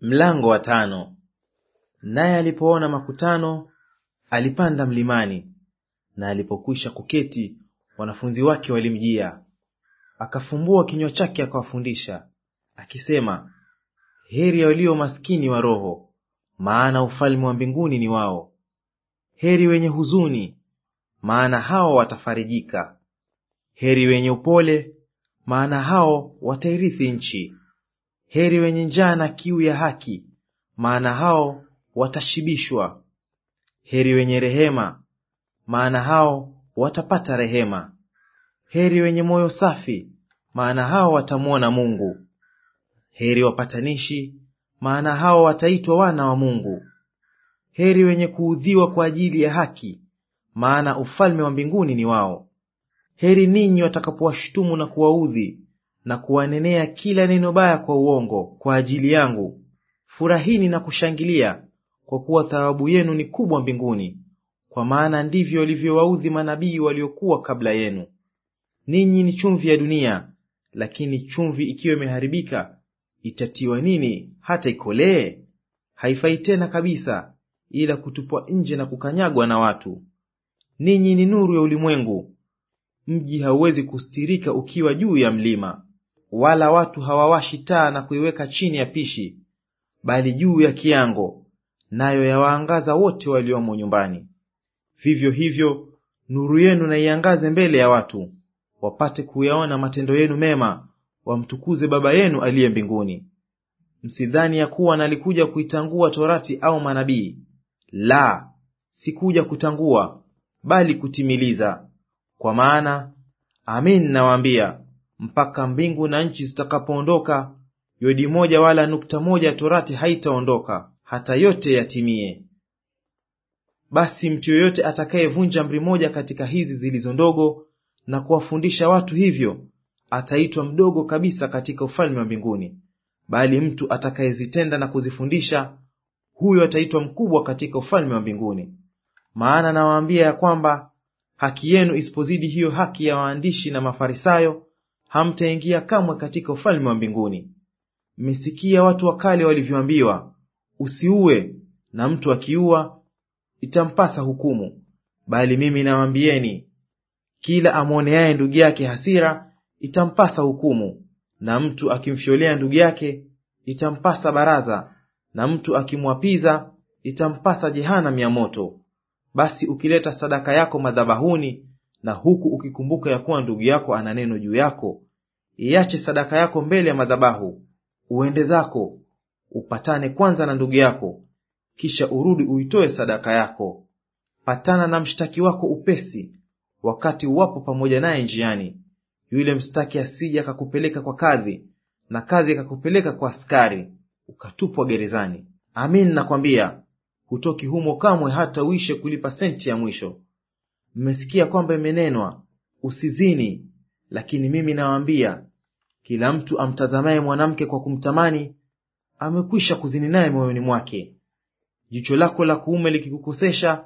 Mlango wa tano. Naye alipoona makutano alipanda mlimani, na alipokwisha kuketi, wanafunzi wake walimjia. Akafumbua kinywa chake akawafundisha akisema, heri ya walio maskini wa roho, maana ufalme wa mbinguni ni wao. Heri wenye huzuni, maana hao watafarijika. Heri wenye upole, maana hao watairithi nchi. Heri wenye njaa na kiu ya haki, maana hao watashibishwa. Heri wenye rehema, maana hao watapata rehema. Heri wenye moyo safi, maana hao watamwona Mungu. Heri wapatanishi, maana hao wataitwa wana wa Mungu. Heri wenye kuudhiwa kwa ajili ya haki, maana ufalme wa mbinguni ni wao. Heri ninyi watakapowashutumu na kuwaudhi na kuwanenea kila neno baya kwa uongo kwa ajili yangu. Furahini na kushangilia, kwa kuwa thawabu yenu ni kubwa mbinguni, kwa maana ndivyo walivyowaudhi manabii waliokuwa kabla yenu. Ninyi ni chumvi ya dunia, lakini chumvi ikiwa imeharibika itatiwa nini hata ikolee? Haifai tena kabisa, ila kutupwa nje na kukanyagwa na watu. Ninyi ni nuru ya ulimwengu. Mji hauwezi kustirika ukiwa juu ya mlima wala watu hawawashi taa na kuiweka chini ya pishi, bali juu ya kiango, nayo yawaangaza wote waliomo nyumbani. Vivyo hivyo nuru yenu na iangaze mbele ya watu, wapate kuyaona matendo yenu mema, wamtukuze Baba yenu aliye mbinguni. Msidhani ya kuwa nalikuja kuitangua Torati au manabii; la, sikuja kutangua, bali kutimiliza. Kwa maana amin nawaambia mpaka mbingu na nchi zitakapoondoka, yodi moja wala nukta moja Torati haitaondoka hata yote yatimie. Basi mtu yoyote atakayevunja amri moja katika hizi zilizo ndogo na kuwafundisha watu hivyo, ataitwa mdogo kabisa katika ufalme wa mbinguni, bali mtu atakayezitenda na kuzifundisha, huyo ataitwa mkubwa katika ufalme wa mbinguni. Maana nawaambia ya kwamba haki yenu isipozidi hiyo haki ya waandishi na Mafarisayo, hamtaingia kamwe katika ufalme wa mbinguni. Mmesikia watu wa kale walivyoambiwa, usiue, na mtu akiua itampasa hukumu. Bali mimi nawaambieni, kila amwoneaye ndugu yake hasira itampasa hukumu, na mtu akimfyolea ndugu yake itampasa baraza, na mtu akimwapiza itampasa jehanam ya moto. Basi ukileta sadaka yako madhabahuni na huku ukikumbuka ya kuwa ndugu yako ana neno juu yako, iache sadaka yako mbele ya madhabahu, uende zako, upatane kwanza na ndugu yako, kisha urudi uitoe sadaka yako. Patana na mshtaki wako upesi, wakati uwapo pamoja naye njiani, yule mstaki asije akakupeleka kwa kadhi, na kadhi akakupeleka kwa askari, ukatupwa gerezani. Amin nakwambia, hutoki humo kamwe, hata uishe kulipa senti ya mwisho mmesikia kwamba imenenwa usizini lakini mimi nawaambia kila mtu amtazamaye mwanamke kwa kumtamani amekwisha kuzini naye moyoni mwake jicho lako la kuume likikukosesha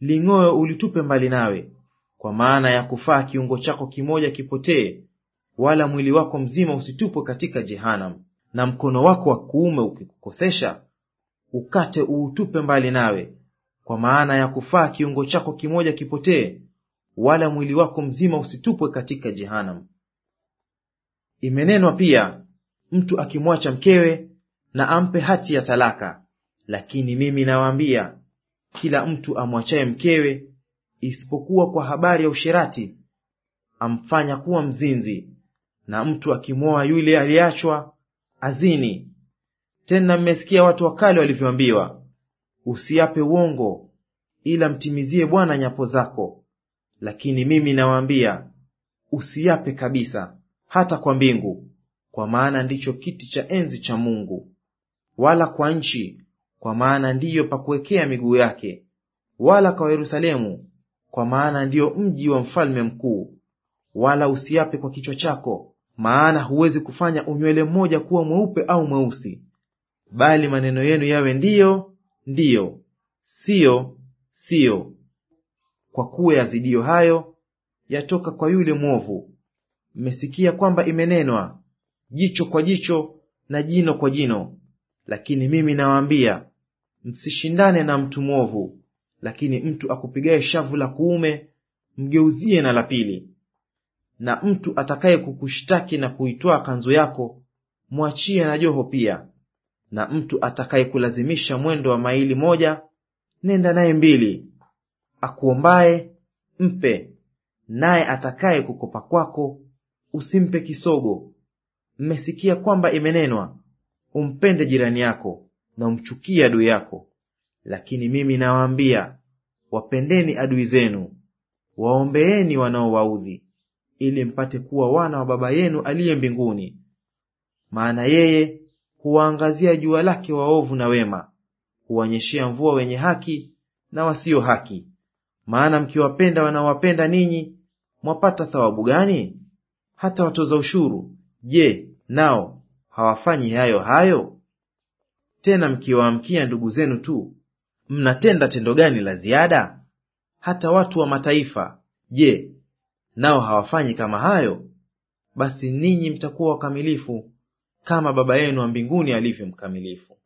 ling'oe ulitupe mbali nawe kwa maana ya kufaa kiungo chako kimoja kipotee wala mwili wako mzima usitupwe katika jehanamu na mkono wako wa kuume ukikukosesha ukate uutupe mbali nawe kwa maana ya kufaa kiungo chako kimoja kipotee, wala mwili wako mzima usitupwe katika jehanam Imenenwa pia, mtu akimwacha mkewe na ampe hati ya talaka. Lakini mimi nawaambia, kila mtu amwachaye mkewe, isipokuwa kwa habari ya usherati, amfanya kuwa mzinzi, na mtu akimwoa yule aliyeachwa azini. Tena mmesikia watu wa kale walivyoambiwa usiape uongo, ila mtimizie Bwana nyapo zako. Lakini mimi nawaambia, usiape kabisa, hata kwa mbingu, kwa maana ndicho kiti cha enzi cha Mungu, wala kwa nchi, kwa maana ndiyo pa kuwekea miguu yake, wala kwa Yerusalemu, kwa maana ndiyo mji wa mfalme mkuu. Wala usiape kwa kichwa chako, maana huwezi kufanya unywele mmoja kuwa mweupe au mweusi, bali maneno yenu yawe ndiyo ndiyo, siyo, siyo. Kwa kuwa yazidio hayo yatoka kwa yule mwovu. Mmesikia kwamba imenenwa, jicho kwa jicho na jino kwa jino. Lakini mimi nawaambia, msishindane na mtu mwovu. Lakini mtu akupigaye shavu la kuume, mgeuzie na la pili. Na mtu atakaye kukushtaki na kuitwaa kanzu yako, mwachie na joho pia na mtu atakayekulazimisha mwendo wa maili moja, nenda naye mbili. Akuombaye mpe, naye atakaye kukopa kwako usimpe kisogo. Mmesikia kwamba imenenwa, umpende jirani yako na umchukie adui yako. Lakini mimi nawaambia, wapendeni adui zenu, waombeeni wanaowaudhi, ili mpate kuwa wana wa Baba yenu aliye mbinguni, maana yeye huwaangazia jua lake waovu na wema, huwanyeshea mvua wenye haki na wasio haki. Maana mkiwapenda wanaowapenda ninyi, mwapata thawabu gani? Hata watoza ushuru, je, nao hawafanyi hayo hayo? Tena mkiwaamkia ndugu zenu tu, mnatenda tendo gani la ziada? Hata watu wa mataifa, je, nao hawafanyi kama hayo? Basi ninyi mtakuwa wakamilifu kama Baba yenu wa mbinguni alivyo mkamilifu.